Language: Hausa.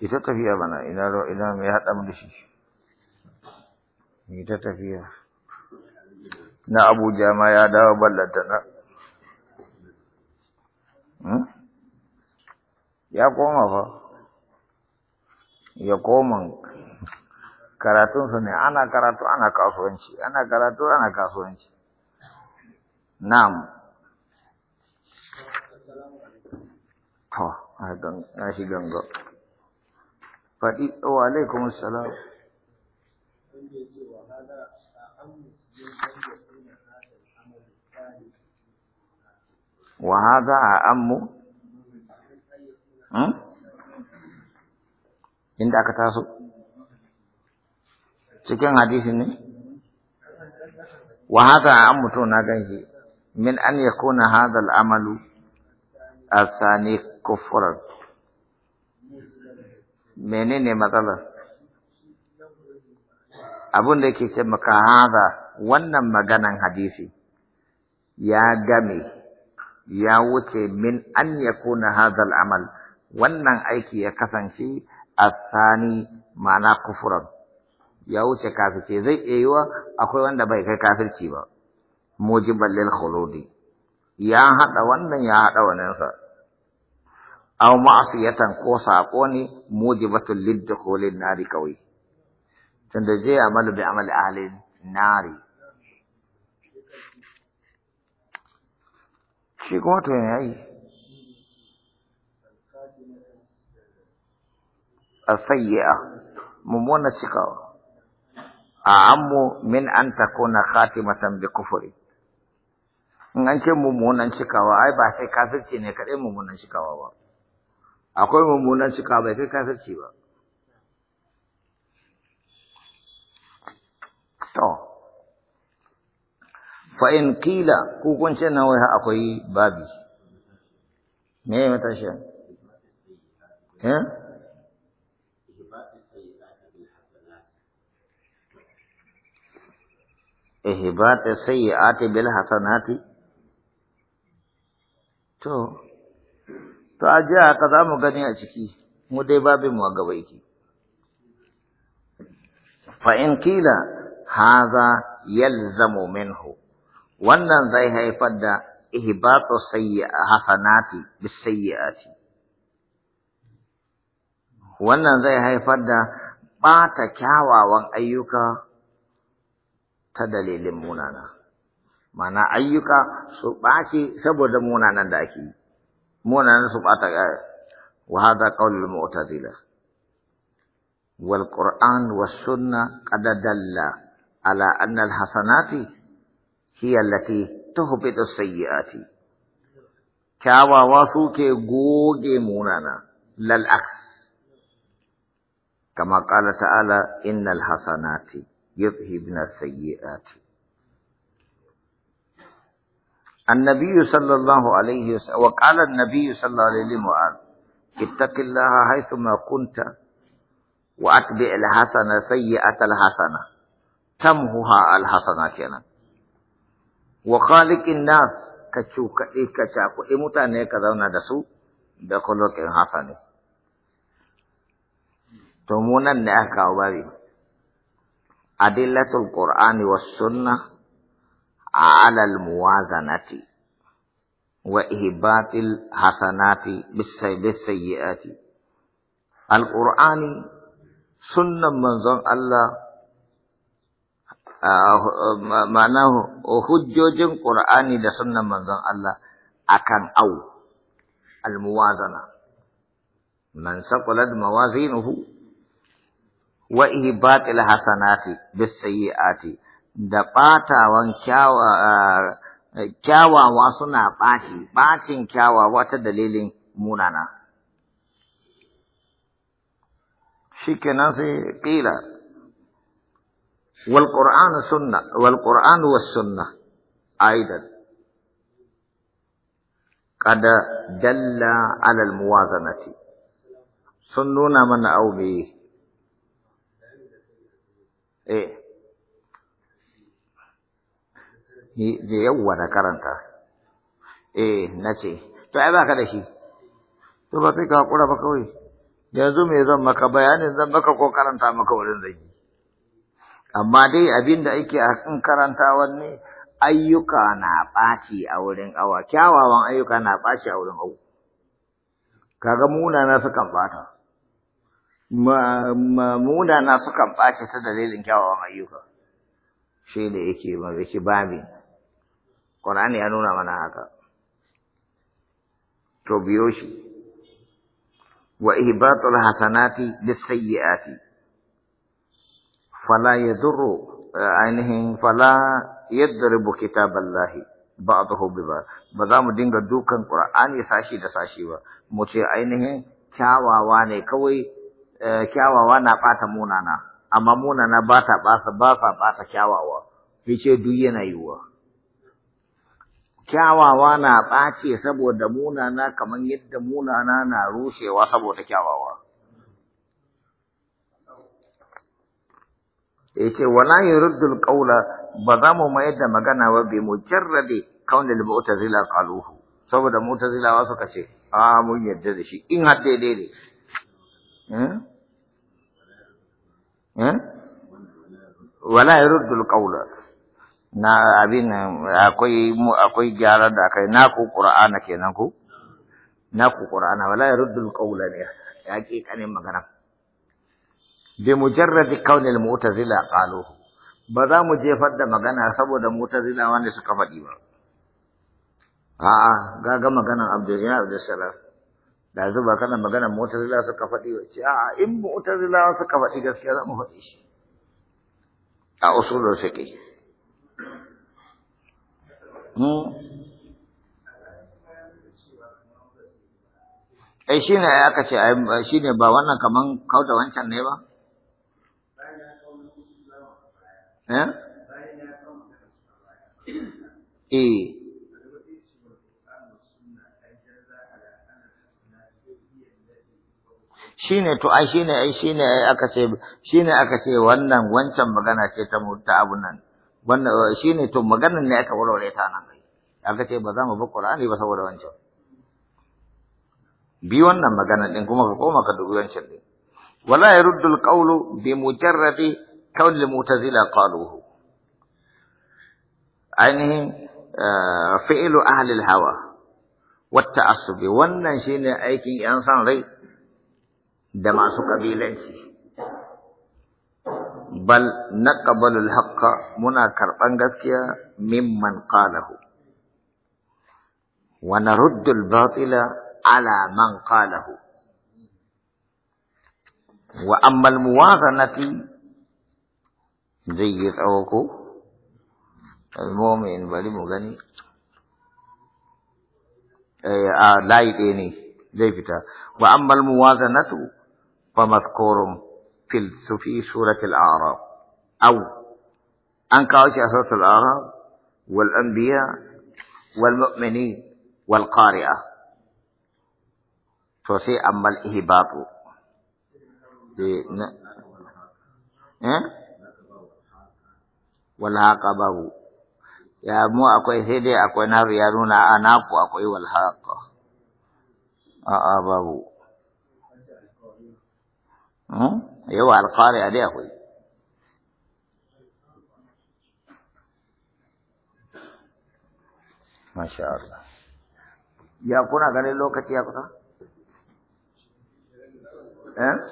ita tafiya bana ina ro ina mai mu da shi ita tafiya na abuja ma ya dawo na hmm? ya koma fa ya koma karatunsa ne ana karatu ana kasuwanci ana karatu ana kasuwanci na'am to a shigan gaba faɗi wa alaikum salam wa a ammu hmm? inda aka taso cikin hadisi ne wa a ammu to na ganshi min an yakuna hadha al-amalu sani kufurar menene matsalar Abun da yake ce maka haza wannan maganan hadisi ya game ya wuce min an ya kuna hazal amal wannan aiki ya kasance asani ma'ana kufuran ya wuce kafirce zai iya yiwa akwai wanda bai kai kafirci ba mujiban lil khuludi ya hada wannan ya hada wannan sa aw ma'asiyatan ko sako ne mujibatul liddukhulin nari kawai tunda zai amalu bi amali ahli nari shi ko to ai asayya mummuna cikawa a ammu min an takuna khatimatan bi kufri in an ce mummunan cikawa ai ba sai kafirci ne kaɗai mummunan cikawa ba akwai mummunan cika bai kai kafirci ba to fa in kila ko kun ce nan wai akwai babi me ya mata shi eh ihbat sayyi'ati bil hasanati to to a jiya haka za mu gani a ciki mu dai babu mu a gaba fa in kila haza yalzamu minhu wannan zai haifar da ihbatu sayyi'a hasanati bis sayyi'ati wannan zai haifar da ɓata kyawawan ayyuka ta dalilin munana mana ayyuka su ɓace saboda munanan da ake yi مونا آية وهذا قول المعتزلة والقرآن والسنة قد دل على أن الحسنات هي التي تهبط السيئات كاوا واسو كي غوغي مونانا لا العكس كما قال تعالى إن الحسنات يذهبن السيئات النبي صلى الله عليه وسلم وقال النبي صلى الله عليه وسلم اتق الله حيثما كنت واتبع الحسنة سيئة الحسنة تمهها الحسنة كنا وخالق الناس كشوكئي كشاكو إمتاني كذونا دسو بخلق حسنة تمونا نأكا وبابي أدلة القرآن والسنة على الموازنة وإهبات الحسنات بالسيئات القرآن سنة من ظن الله آه، معناه حجوج القرآن ده سنة ظن الله أكن أو الموازنة من سقلت موازينه وإهبات الحسنات بالسيئات da ɓatawan eh, kyawawa suna ɓaci, ɓacin kyawawa ta dalilin munana. Shi kenan sai ƙila, walƙur'anu wa sunna, aidan. Kada dalla alal muwazanati. Sun nuna mana aure. Eh. da yawwa na karanta eh na ce to ai ka da shi to ba fi ka ba kawai yanzu mai zan maka bayanin zan maka ko karanta maka wurin zai amma dai abin da ake a kan karanta ne ayyuka na ɓaci a wurin awa kyawawan ayyuka na ɓaci a wurin awu kaga munana sukan ɓata munana sukan ɓaci ta dalilin kyawawan ayyuka shi da yake ma yake bamin القرآن يا نونا من هذا توبيوشي وإهباط الحسنات بالسيئات فلا يضر عينهم فلا يضرب كتاب الله بعضه ببعض بدام دين دوكن قرآن يساشي دساشي و موتي عينهم كاوا واني كوي كاوا وانا باتا مونانا أما مونانا باتا باتا باتا باتا كاوا و في شيء دوينا يوه kyawawa na ɓace saboda munana kamar yadda munana na rushewa saboda kyawawa. Da yake wala yuruddul qawla ba za mu mayar da magana ba bi mujarradi kaunil Zila ƙaluhu saboda wasu ka ce a mun yarda da shi in har daidai ne. Hmm? Hmm? Wala yuruddul qawla na abin akwai akwai gyara da akai ku qur'ana kenan ku ku qur'ana wala yaruddul qawla ne kane magana bi mujarrad al mu'tazila qalu ba za mu jefar da magana saboda mu'tazila wanda suka faɗi ba a'a ga maganan abdul ya abdul salam da zuba kana magana mu'tazila suka faɗi ba a'a in mu'tazila suka faɗi gaskiya za mu faɗi shi a usulul fiqh ai shi ne aka ce shi ne ba wannan kaman kauda wancan ne ba eh, eh. shi ne to ai shi ne ai shi ne aka ce shi ne aka ce wannan wancan magana ce ta abu nan wannan shine to maganar ne aka warware ta nan aka ce ba za mu bi Qur'ani ba saboda wancan bi wannan magana din kuma ka koma ka dubi wancan din wala yaruddu al-qawlu bi mujarradi kawl mutazila qaluhu ainihin fi'lu ahli al-hawa wa ta'assubi wannan shine aikin yan san rai da masu kabilanci بل نقبل الحق منا كربان غسكيا ممن قاله ونرد الباطل على من قاله وأما الموازنة زيد أوكو المؤمن بلي مغني أي آه لايت إني زي فتا وأما الموازنة فمذكورم في في سورة الأعراف أو أنكرت أثرة الأعراف والأنبياء والمؤمنين والقارئة فسي أما الإهباط إيه؟ والهاقبة يا مو أكو هدي أكو نار يارونا أناف أكو والهاقبة أبو yawa alƙari a dai akwai Masha Ya kuna ganin lokaci ya kusa? Eh?